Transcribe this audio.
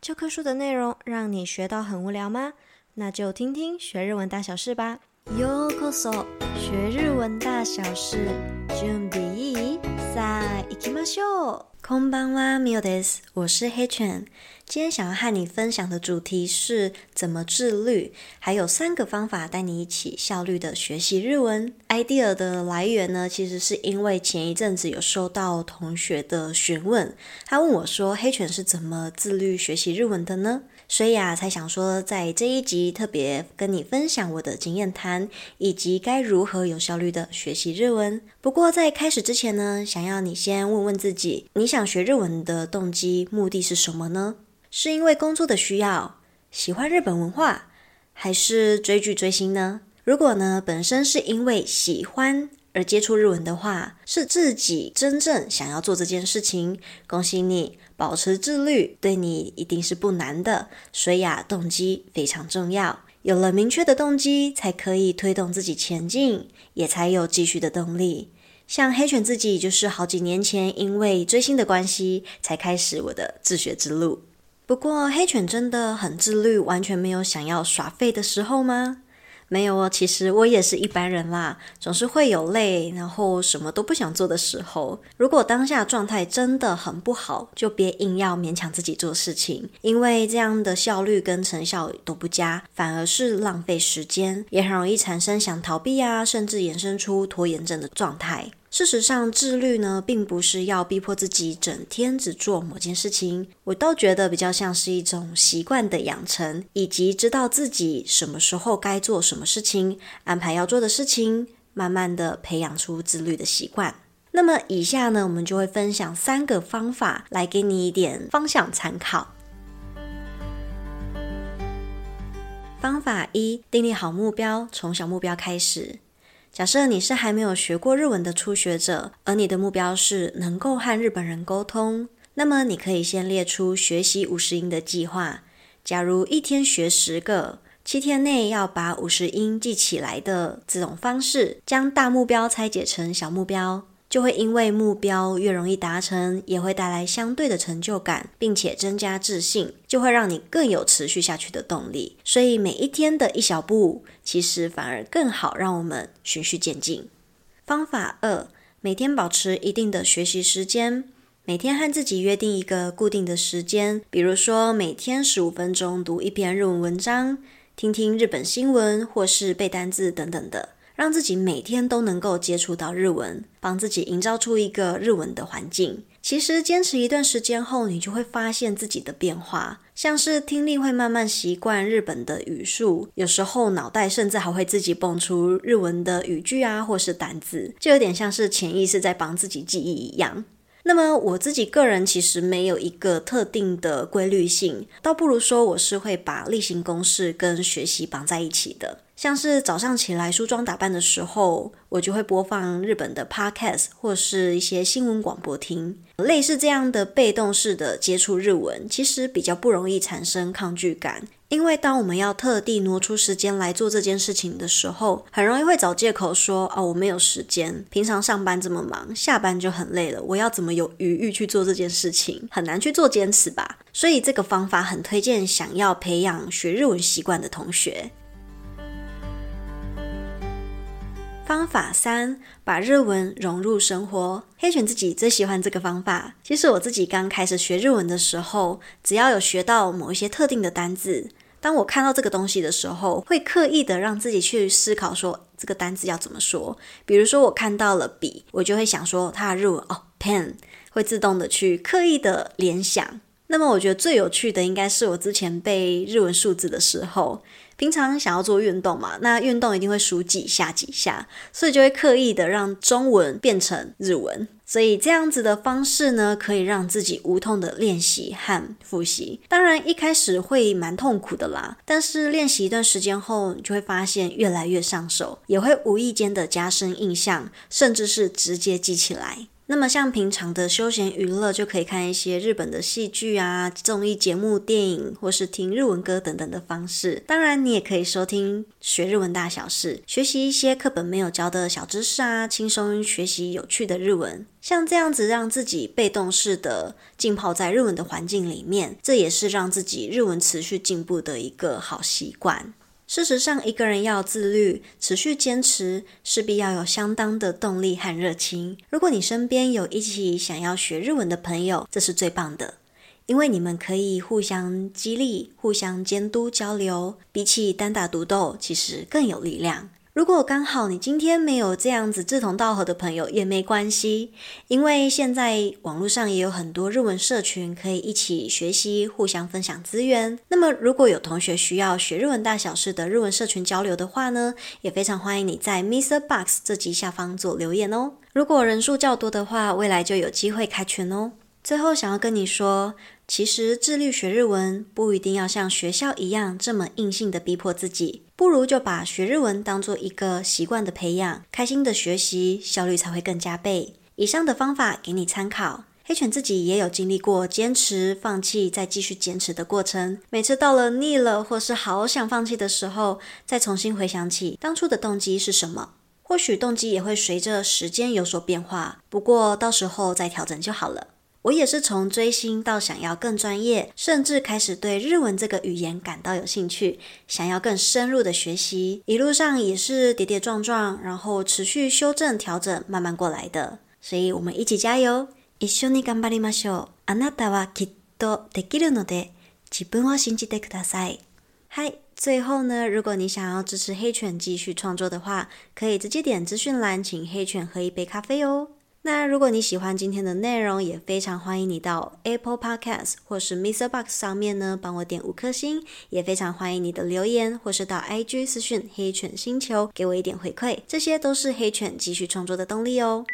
教科書的內容讓你學到很無聊嗎？那就聽聽學日文大小事吧。ようこそ，學日文大小事。準備、さあ、行きましょう。こんばんは，ミオです。我是黑犬。今天想要和你分享的主題是怎麼自律，還有三個方法帶你一起效率的學習日文。idea 的來源呢，其實是因為前一陣子有收到同學的詢問，他問我說黑犬是怎麼自律學習日文的呢？所以啊，才想說在這一集特別跟你分享我的經驗談，以及該如何有效率的學習日文。不過在開始之前呢，想要你先問問自己，你想學日文的動機目的是什麼呢？是因為工作的需要、喜歡日本文化，還是追劇追星呢？如果呢，本身是因為喜歡而接觸日文的話，是自己真正想要做這件事情，恭喜你，保持自律，對你一定是不難的。所以啊，動機非常重要，有了明確的動機才可以推動自己前進，也才有繼續的動力。像黑犬自己就是好幾年前因為追星的關係才開始我的自學之路。不過黑犬真的很自律，完全沒有想要耍廢的時候嗎？沒有哦，其實我也是一般人啦，總是會有累，然後什麼都不想做的時候。如果當下狀態真的很不好，就別硬要勉強自己做事情，因為這樣的效率跟成效都不佳，反而是浪費時間，也很容易產生想逃避啊，甚至延伸出拖延症的狀態。事實上，自律呢，並不是要逼迫自己整天只做某件事情。我倒覺得比較像是一種習慣的養成，以及知道自己什麼時候該做什麼事情，安排要做的事情，慢慢的培養出自律的習慣。那麼，以下呢，我們就會分享三個方法，來給你一點方向參考。方法一：訂立好目標，從小目標開始。假設你是還沒有學過日文的初學者，而你的目標是能夠和日本人溝通，那麼你可以先列出學習五十音的計劃。假如一天學十個，七天內要把五十音記起來的這種方式，將大目標拆解成小目標。就會因為目標越容易達成，也會帶來相對的成就感，並且增加自信，就會讓你更有持續下去的動力。所以每一天的一小步，其實反而更好，讓我們循序漸進。方法二，每天保持一定的學習時間，每天和自己約定一個固定的時間，比如說每天十五分鐘讀一篇日文文章，聽聽日本新聞，或是背單詞等等的。讓自己每天都能夠接觸到日文，幫自己營造出一個日文的環境。其實堅持一段時間後，你就會發現自己的變化，像是聽力會慢慢習慣日本的語速，有時候腦袋甚至還會自己蹦出日文的語句啊，或是單字，就有點像是潛意識在幫自己記憶一樣。那麼我自己個人其實沒有一個特定的規律性，倒不如說我是會把例行公事跟學習綁在一起的。像是早上起來梳妝打扮的時候，我就會播放日本的 podcast 或是一些新聞廣播聽，類似這樣的被動式的接觸日文，其實比較不容易產生抗拒感。因為當我們要特地挪出時間來做這件事情的時候，很容易會找借口說：“哦，我沒有時間，平常上班這麼忙，下班就很累了，我要怎麼有餘裕去做這件事情？很難去做堅持吧。”所以這個方法很推薦想要培養學日文習慣的同學。方法三，把日文融入生活。黑犬自己最喜歡這個方法。其實我自己剛開始學日文的時候，只要有學到某一些特定的單字，當我看到這個東西的時候，會刻意的讓自己去思考說這個單字要怎麼說。比如說我看到了筆，我就會想說它的日文哦，pen，會自動的去刻意的聯想。那麼我覺得最有趣的應該是我之前背日文數字的時候，平常想要做運動嘛，那運動一定會數幾下幾下，所以就會刻意的讓中文變成日文，所以這樣子的方式呢，可以讓自己無痛的練習和複習。當然一開始會蠻痛苦的啦，但是練習一段時間後，你就會發現越來越上手，也會無意間的加深印象，甚至是直接記起來。那麼像平常的休閒娛樂，就可以看一些日本的戲劇啊、綜藝節目、電影，或是聽日文歌等等的方式。當然，你也可以收聽《學日文大小事》，學習一些課本沒有教的小知識啊，輕鬆學習有趣的日文。像這樣子，讓自己被動式的浸泡在日文的環境裡面，這也是讓自己日文持續進步的一個好習慣。事實上，一個人要自律、持續堅持，勢必要有相當的動力和熱情。如果你身邊有一起想要學日文的朋友，這是最棒的，因為你們可以互相激勵、互相監督、交流，比起單打獨鬥，其實更有力量。如果剛好你今天沒有這樣子志同道合的朋友也沒關係，因為現在網絡上也有很多日文社群可以一起學習、互相分享資源。那麼如果有同學需要學日文大小事的日文社群交流的話呢，也非常歡迎你在 Mister Box 這集下方做留言哦。如果人數較多的話，未來就有機會開群哦。最後想要跟你說，其實自律學日文不一定要像學校一樣這麼硬性的逼迫自己，不如就把學日文當做一個習慣的培養，開心的學習效率才會更加倍。以上的方法給你參考，黑犬自己也有經歷過堅持、放棄再繼續堅持的過程。每次到了膩了或是好想放棄的時候，再重新回想起當初的動機是什麼，或許動機也會隨着時間有所變化，不過到時候再調整就好了。我也是從追星到想要更專業，甚至開始對日文這個語言感到有興趣，想要更深入的學習。一路上也是跌跌撞撞，然後持續修正調整，慢慢過來的。所以我們一起加油！一緒に頑張りましょう。あなたはきっとできるので、自分を信じてください。嗨，最後呢，如果你想要支持黑犬繼續創作的話，可以直接點資訊欄，請黑犬喝一杯咖啡哦。那如果你喜歡今天的內容，也非常歡迎你到 Apple Podcast 或是 MixerBox 上面呢，幫我點五顆星。也非常歡迎你的留言，或是到 IG 私訊“黑犬星球”給我一點回饋，這些都是黑犬繼續創作的動力哦。